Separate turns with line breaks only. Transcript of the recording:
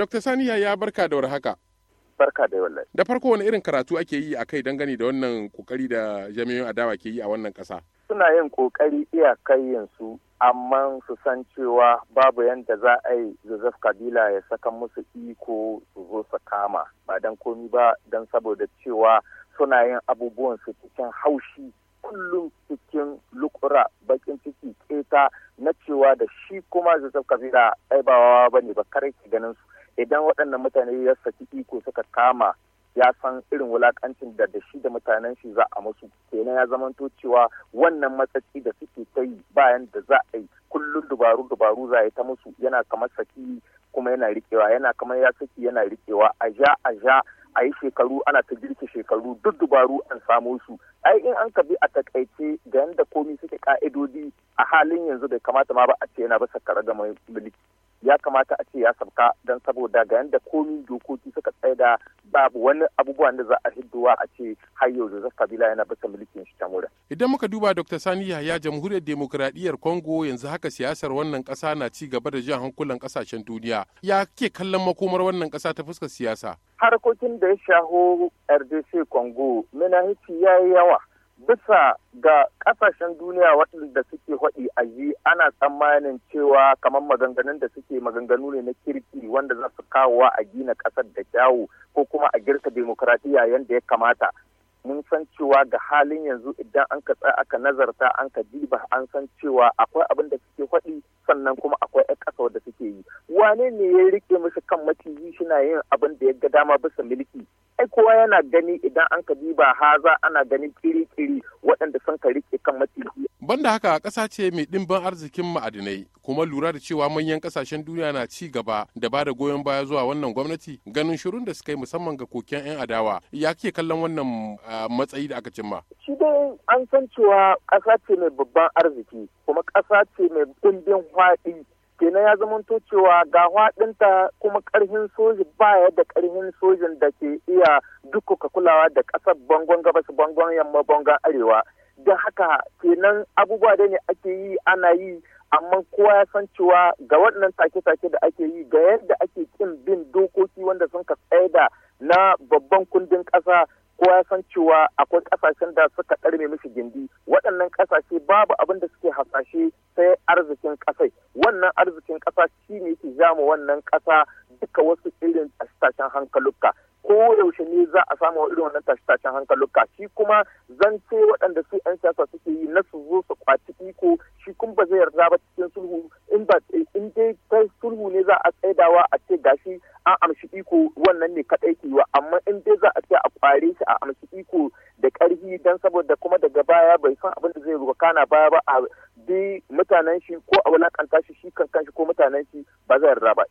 Dr. Saniya ya barka da warhaka. Barka da wallahi. Da farko wani irin karatu ake yi a kai dangane da wannan kokari da jami'in adawa ke yi a wannan ƙasa?
Suna yin kokari kai yansu amma su san cewa babu yadda za a yi Joseph Kabila ya saka musu iko su zo su kama ba dan komi ba dan saboda cewa suna yin abubuwan su cikin haushi kullum cikin lukura bakin ciki keta na cewa da shi kuma Joseph Kabila ai ba wawa bane ba kare ganin su idan waɗannan mutane ya saki iko suka kama ya san irin wulakancin da da shi da mutanen shi za a musu kenan ya zamanto cewa wannan matsaki da suke ta yi bayan da za a yi kullum dubaru dubaru za a yi ta musu yana kamar saki kuma yana rikewa yana kamar ya saki yana rikewa a ja a ja a yi shekaru ana ta girki shekaru duk dubaru an samo su ai in an ka bi a takaice da yadda komi suke ka'idodi a halin yanzu bai kamata ma ba a ce yana ba sakara ga mulki ya kamata a ce ya sabka don saboda ga yadda komi dokoki suka da babu wani abubuwan da za a hidduwa a ce har
yau Joseph Kabila yana bisa mulkin shi ta Idan muka duba Dr. Sani Yahya Jamhuriyar Demokradiyyar Congo yanzu haka siyasar wannan kasa na ci gaba da jan hankulan ƙasashen duniya. Ya ke kallon makomar wannan ƙasa ta fuskar siyasa?
Harkokin da ya shaho RDC Congo, Menahici ya yi yawa. bisa ga kasashen duniya waɗanda suke haɗi a yi ana tsammanin cewa kamar maganganun da suke maganganu ne na kirki wanda za su kawowa a gina ƙasar da kyawu ko kuma a girka demokuraɗiyya yadda ya kamata mun san cewa ga halin yanzu idan an ka tsaya aka nazarta an ka diba an san cewa akwai abin da suke faɗi sannan kuma akwai ƴan ƙasa wanda suke yi wane ne ya rike mishi kan maciji shi na yin abin da ya ga dama bisa milki ai kowa yana gani idan an ka diba haza ana ganin kiri-kiri waɗanda sun ka rike kan ban
Banda haka ƙasa ce mai ɗimbin arzikin ma'adinai kuma lura da cewa manyan ƙasashen duniya na ci gaba da ba da goyon baya zuwa wannan gwamnati ganin shirun da suka yi musamman ga koken 'yan adawa ya ke kallon wannan matsayi da aka cimma.
Shi dai an san cewa ƙasa ce mai babban arziki kuma ƙasa ce mai ɗimbin faɗi kenan ya zamanto cewa ga haɗinta kuma ƙarfin soji baya da ƙarfin sojin da ke iya dukkuka kulawa da ƙasar bangon gabas bangon yamma bangon arewa don haka kenan abubuwa da ne ake yi ana yi amma kowa ya san cewa ga waɗannan take-take da ake yi ga yadda ake kin bin dokoki wanda sun ka da na babban kundin ƙasa kowa ya san cewa akwai ƙasashen da suka ɗarme mishi gindi waɗannan ƙasashe babu abin da suke hasashe sai arzikin ƙasai wannan arzikin ƙasa shi ne ke jama wannan ƙasa duka wasu irin tashen hankalukka ko yaushe ne za a samu irin wannan tashen hankalukka shi kuma zance waɗanda su 'yan siyasa suke yi na su zo su kwaci iko shi kuma ba zai yarda ba cikin sulhu in ba in dai kai sulhu ne za a tsaidawa a ce gashi an amshi iko wannan ne kaɗai ke wa amma in dai za a ce a kware shi a amshi iko da ƙarfi don saboda kuma daga baya bai san abin da zai kana baya ba a dai mutanen shi ko a wulakanta shi shi kan kanshi ko mutanen shi ba zai yarda ba